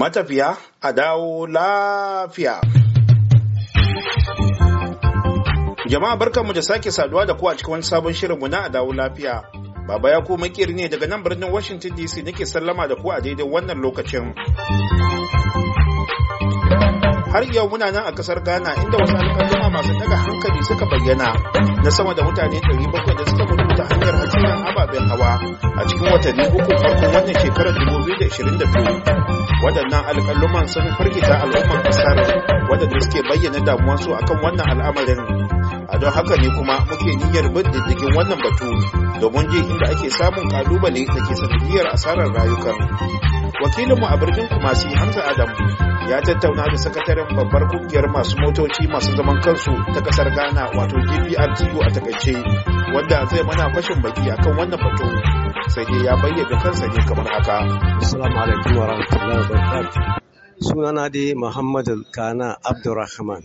matafiya a dawo lafiya. Jama'a barkanmu da sake saduwa da ku a cikin wani sabon shirinmu na a dawo lafiya. Baba ya ko makeri ne daga nan birnin Washington DC nake sallama da ku a daidai wannan lokacin. Har yau muna nan a kasar Ghana inda wasu alƙaluma masu daga hankali suka bayyana na sama da mutane 700 da suka mutu ta hanyar hajjiyar ababe a cikin watanni uku farko wannan shekarar 2022 waɗannan alƙalluman sun firgita al'umman ƙasar waɗanda suke bayyana a akan wannan al'amarin a don haka ne kuma muke niyyar bin diddigin wannan batu domin ji inda ake samun ƙalubale da ke sanadiyar asarar rayukan wakilinmu a birnin kumasi hamza adam ya tattauna da sakataren babbar kungiyar masu motoci masu zaman kansu ta kasar ghana wato gprtu a takaice wanda zai mana fashin baki akan wannan batu sai dai ya bayyana kansa ne kamar haka assalamu alaikum wa rahmatullahi wa barakatuh sunana dai muhammad kana abdurrahman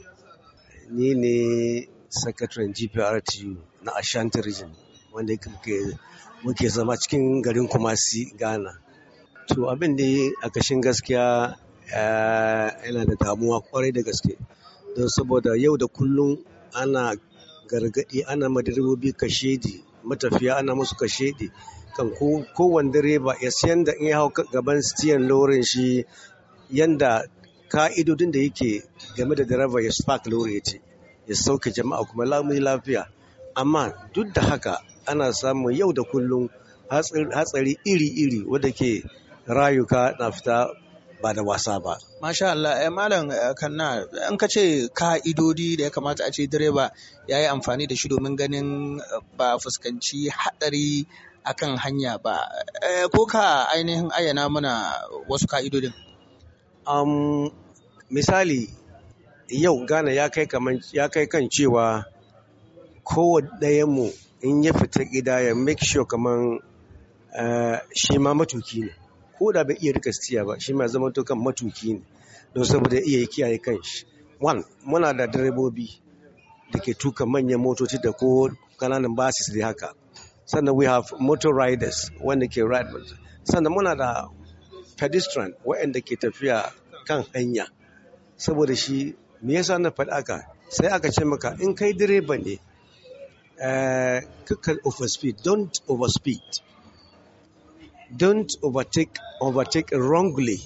ni ne sakataren gprtu na ashanti region wanda muke zama cikin garin kumasi Gana. to abin da a kashin gaskiya eh, yana da damuwa kwarai da gaske don saboda yau da kullum ana gargaɗi ana ma direbobi kashedi matafiya ana musu kashedi kan kowane direba ya sayan da in ya hau gaban stiyan lorin shi yanda ka'idodin da yake game da direba ya spark lori ya ce ya sauke jama'a kuma lamuni lafiya amma duk da haka ana samun yau da kullum hatsari iri-iri wadda ke rayuka na fita ba da wasa ba. Masha Allah, eh, Malam eh, Kanna, an ka ce ka'idodi da ya kamata a ce direba ya yi amfani da shi domin ganin eh, ba fuskanci haɗari akan hanya ba. Eh, ko ka ainihin ayyana mana wasu ka'idodin? misali, yau Ghana ya kai kan cewa mu in ya fita gida ya make sure kaman uh, shi ma matuki ne. ko da bai iya rika siya ba shi ma zama matuki ne don saboda iya kiyaye kanshi one muna da direbobi da ke tuka manyan motoci da ko kananan basis da haka sannan we have motor riders wanda ke ride sannan muna da pedestrian waɗanda ke tafiya kan hanya saboda shi me yasa na faɗi aka sai aka ce maka in kai direba ne over eh, overspeed don't overspeed don't overtake overtake wrongly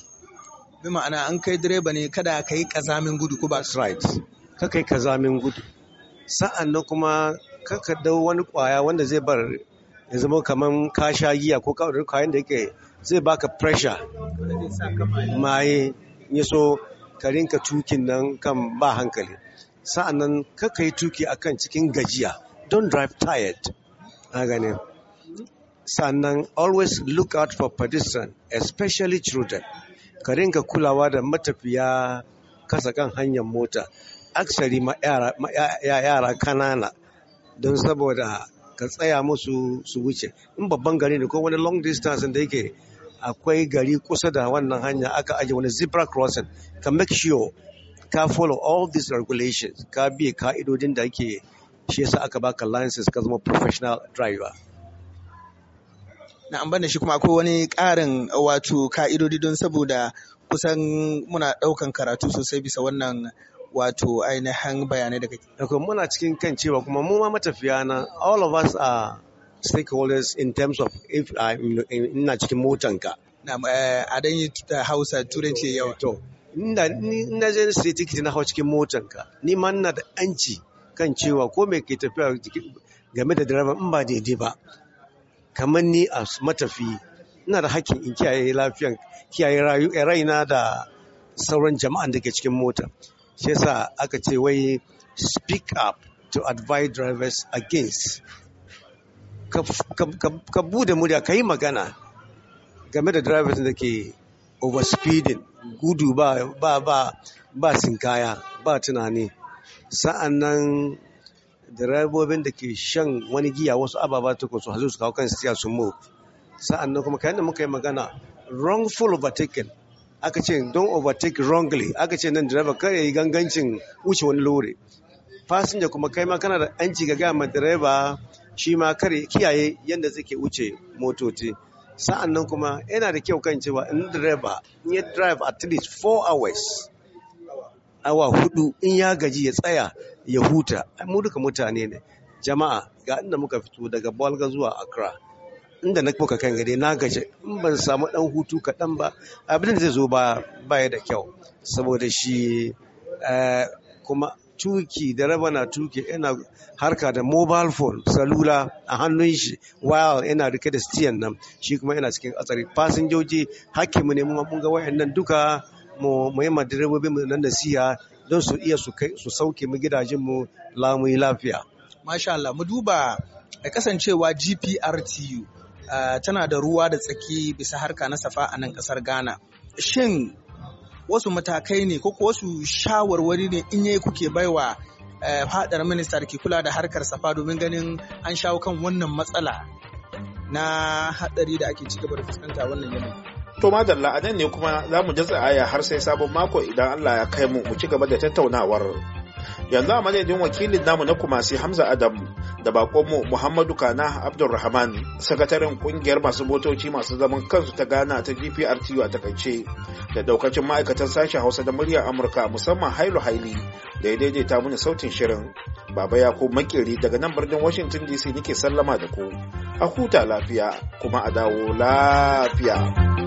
bi ma'ana an kai direba ne kada ka yi kazamin gudu ko ba right ka kai kazamin gudu sa'an na kuma ka dau wani kwaya wanda zai bar ya zama kamar ka sha giya ko ka kwayan da yake zai baka pressure maye ya so ka rinka tukin nan kan ba hankali sa'an nan ka yi tuki akan cikin gajiya don't drive tired Na gani. sannan always look out for pedestrians especially children ka rinka kulawa da matafiya kasa kan hanyar mota aksari ma yara kanana don saboda ka tsaya musu su wuce in babban gari ne ko wani long distance da yake akwai gari kusa da wannan hanya aka aje wani zebra crossing ka make sure ka follow all these regulations ka bi ka'idodin da ake shi yasa aka baka license ka zama professional driver na amban da shi kuma akwai wani ƙarin wato ka'idodi don saboda kusan muna ɗaukan karatu sosai bisa wannan wato ainihin bayanai daga kake. muna cikin kan cewa kuma mu ma matafiya na all of us are stakeholders in terms of if uh, ina cikin motanka. Na eh, a dan yi ta Hausa turanci yawa. To, ina je sai tikiti na hau cikin motanka. Ni ma ina da anci kan cewa ko me ke tafiya game da direba in ba daidai ba kamar ni a matafi ina da hakkin in kiyaye lafiyan kiyaye eh, raina da sauran jama'an da ke cikin mota shi yasa aka ce wai speak up to advise drivers against ka bude murya ka yi magana game da drivers da ke over overspeeding gudu ba ba ba ba sinkaya ba tunani sa'annan direbobin da ke shan wani giya wasu ababa tukun su hazu su kawo kan siya sun mu sa'an nan kuma kayan da muka yi magana wrongful overtaking aka ce don overtake wrongly aka ce nan direba kar ya yi gangancin wuce wani lori fasinja kuma kai ma kana da yanci ga ma direba shi ma kar ya kiyaye yadda zai ke wuce motoci sa'an nan kuma yana da kyau kan cewa in direba in ya drive at least four hours awa hudu in ya gaji ya tsaya ya huta mu duka mutane ne jama'a ga inda muka fito daga Bolga zuwa Accra inda na kuka kan gade na gaji in ban samu dan hutu kaɗan ba abin da zai zo ba baya da kyau saboda shi eh, kuma tuki da raba na tuki yana harka da mobile phone salula a hannun shi while yana rike da stiyan nan shi kuma yana cikin atsari fasinjoji hakimu mu ne mun ga wayannan duka mu yi madirebobi mu nan nasiha don su iya su sauke mu gidajen mu lamuyi lafiya masha Allah mu duba kasancewa GPRTU tana da ruwa da tsaki bisa harka na safa a nan kasar Ghana shin wasu matakai ne ko wasu shawarwari ne in yayi kuke baiwa eh, fadar minista ke kula da harkar safa domin ganin an shawo kan wannan matsala na hadari da ake ci gaba da fuskanta wannan yanayi To madalla a nan ne kuma za mu jatsa aya har sai sabon mako idan Allah ya kai mu mu ci gaba da tattaunawar. Yanzu a madadin wakilin namu na kumasi Hamza Adam da bakonmu Muhammadu Kana Abdulrahman sakataren kungiyar masu motoci masu zaman kansu ta Ghana ta GPRTU a takaice da daukacin ma'aikatan sashen Hausa da muryar Amurka musamman Hailu Haili da ya daidaita mini sautin shirin. Baba ko Makiri daga nan birnin Washington DC nake sallama da ku. A huta lafiya kuma a dawo lafiya.